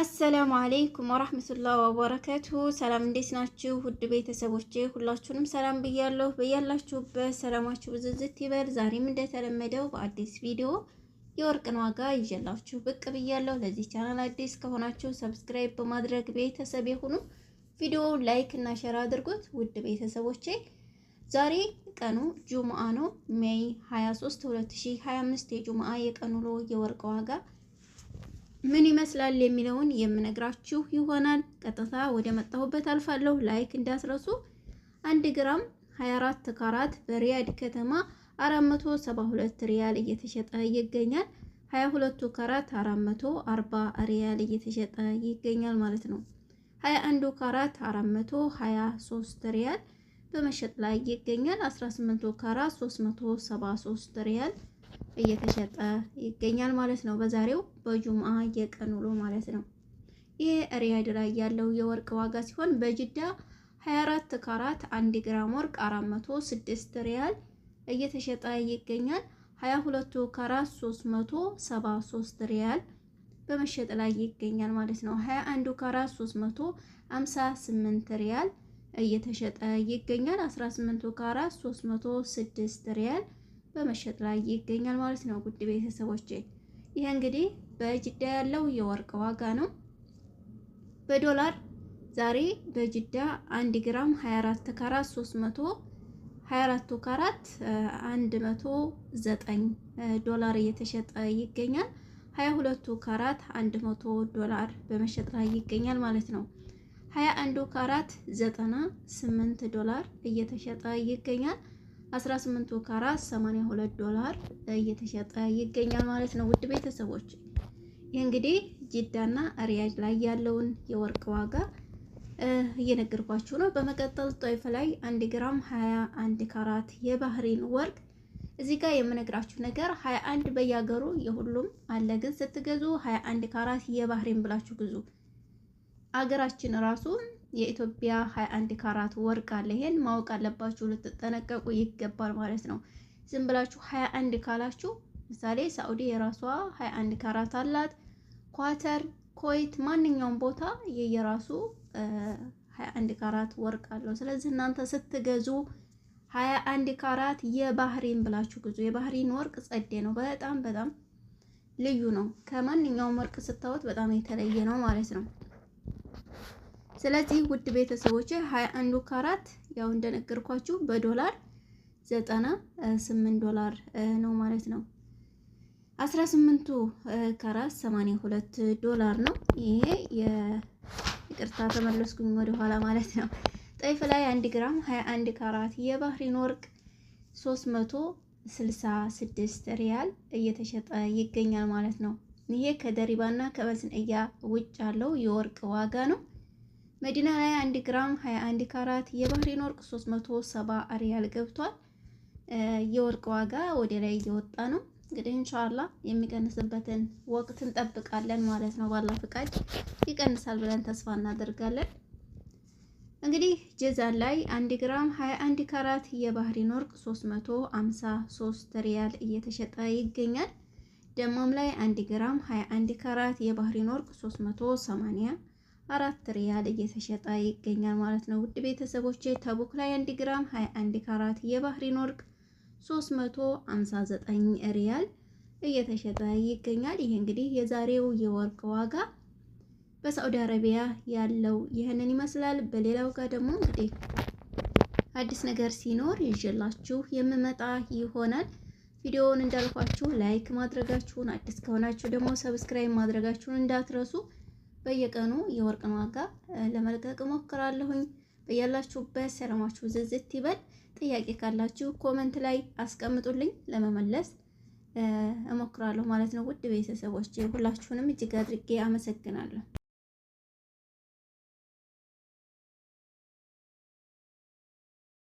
አሰላሙ አለይኩም ወራህመቱላሂ ወበረከቱሁ። ሰላም እንዴት ናችሁ? ውድ ቤተሰቦቼ ሁላችሁንም ሰላም ብያለሁ። በያላችሁበት ሰላማችሁ ብዝዝት ይበል። ዛሬም እንደተለመደው በአዲስ ቪዲዮ የወርቅን ዋጋ ይዤላችሁ ብቅ ብያለሁ። ለዚህ ቻናል አዲስ ከሆናችሁ ሰብስክራይብ በማድረግ ቤተሰብ የሆኑ ቪዲዮውን ላይክ እና ሼር አድርጉት። ውድ ቤተሰቦቼ ዛሬ ቀኑ ጁምአ ነው፣ ሜይ 23 2025 የጁምአ የቀኑ ውሎ የወርቅ ዋጋ ምን ይመስላል የሚለውን የምነግራችሁ ይሆናል። ቀጥታ ወደ መጣሁበት አልፋለሁ። ላይክ እንዳስረሱ። አንድ ግራም 24 ካራት በሪያድ ከተማ 472 ሪያል እየተሸጠ ይገኛል። ካራት 440 ሪያል እየተሸጠ ይገኛል ማለት ነው። ካራት 423 ሪያል በመሸጥ ላይ ይገኛል። ካራት 373 ሪያል እየተሸጠ ይገኛል ማለት ነው። በዛሬው በጁምአ የቀን ውሎ ማለት ነው። ይሄ ሪያድ ላይ ያለው የወርቅ ዋጋ ሲሆን በጅዳ 24 ካራት 1 ግራም ወርቅ 406 ሪያል እየተሸጠ ይገኛል። 22 ካራት 373 ሪያል በመሸጥ ላይ ይገኛል ማለት ነው። 21 ካራት 358 ሪያል እየተሸጠ ይገኛል። 18 ካራት 306 ሪያል በመሸጥ ላይ ይገኛል ማለት ነው። ውድ ቤተሰቦች ይሄ እንግዲህ በጅዳ ያለው የወርቅ ዋጋ ነው። በዶላር ዛሬ በጅዳ 1 ግራም 24 ካራት 24 ካራት 109 ዶላር እየተሸጠ ይገኛል። 22 ካራት 100 ዶላር በመሸጥ ላይ ይገኛል ማለት ነው። 21 ካራት 98 ዶላር እየተሸጠ ይገኛል። 18ቱ ካራት 82 ዶላር እየተሸጠ ይገኛል ማለት ነው። ውድ ቤተሰቦች ይህ እንግዲህ ጅዳና ሪያጅ ላይ ያለውን የወርቅ ዋጋ እየነገርኳችሁ ነው። በመቀጠል ጦይፍ ላይ 1 ግራም 21 ካራት የባህሬን ወርቅ እዚህ ጋር የምነግራችሁ ነገር 21 በያገሩ የሁሉም አለ፣ ግን ስትገዙ 21 ካራት የባህሬን ብላችሁ ግዙ። አገራችን ራሱም የኢትዮጵያ 21 ካራት ወርቅ አለ። ይሄን ማወቅ አለባችሁ፣ ልትጠነቀቁ ይገባል ማለት ነው። ዝም ብላችሁ 21 ካላችሁ፣ ምሳሌ ሳዑዲ የራሷ 21 ካራት አላት። ኳተር፣ ኮይት፣ ማንኛውም ቦታ የየራሱ 21 ካራት ወርቅ አለው። ስለዚህ እናንተ ስትገዙ 21 ካራት የባህሪን ብላችሁ ግዙ። የባህሪን ወርቅ ጸዴ ነው። በጣም በጣም ልዩ ነው። ከማንኛውም ወርቅ ስታወት በጣም የተለየ ነው ማለት ነው። ስለዚህ ውድ ቤተሰቦች 21 ካራት ያው እንደነገርኳችሁ በዶላር 98 ዶላር ነው ማለት ነው። 18ቱ ካራት 82 ዶላር ነው። ይሄ ይቅርታ ተመለስኩኝ ወደኋላ ማለት ነው። ጠይፍ ላይ 1 ግራም 21 ካራት የባህሪን ወርቅ 366 ሪያል እየተሸጠ ይገኛል ማለት ነው። ይሄ ከደሪባና ከመስንእያ ውጭ ያለው የወርቅ ዋጋ ነው። መዲና ላይ 1 ግራም 21 ካራት የባህሬን ወርቅ 370 ሪያል ገብቷል። የወርቅ ዋጋ ወደ ላይ እየወጣ ነው። እንግዲህ ኢንሻአላ የሚቀንስበትን ወቅት እንጠብቃለን ማለት ነው። ባላ ፍቃድ ይቀንሳል ብለን ተስፋ እናደርጋለን። እንግዲህ ጀዛን ላይ 1 ግራም 21 ካራት የባህሪን ወርቅ 353 ሪያል እየተሸጠ ይገኛል። ደማም ላይ 1 ግራም 21 ካራት የባህሪን ወርቅ 380 አራት ሪያል እየተሸጠ ይገኛል ማለት ነው። ውድ ቤተሰቦች ተቡክ ላይ 1 ግራም 21 ካራት የባህሪን ወርቅ 359 ሪያል እየተሸጠ ይገኛል። ይሄ እንግዲህ የዛሬው የወርቅ ዋጋ በሳዑዲ አረቢያ ያለው ይህንን ይመስላል። በሌላው ጋር ደግሞ እንግዲህ አዲስ ነገር ሲኖር ይዤላችሁ የምመጣ ይሆናል። ቪዲዮውን እንዳልኳችሁ ላይክ ማድረጋችሁን፣ አዲስ ከሆናችሁ ደግሞ ሰብስክራይብ ማድረጋችሁን እንዳትረሱ። በየቀኑ የወርቅን ዋጋ ለመልቀቅ እሞክራለሁኝ። በያላችሁበት ሰላማችሁ ዝዝት ይበል። ጥያቄ ካላችሁ ኮመንት ላይ አስቀምጡልኝ ለመመለስ እሞክራለሁ ማለት ነው። ውድ ቤተሰቦች ሁላችሁንም እጅግ አድርጌ አመሰግናለሁ።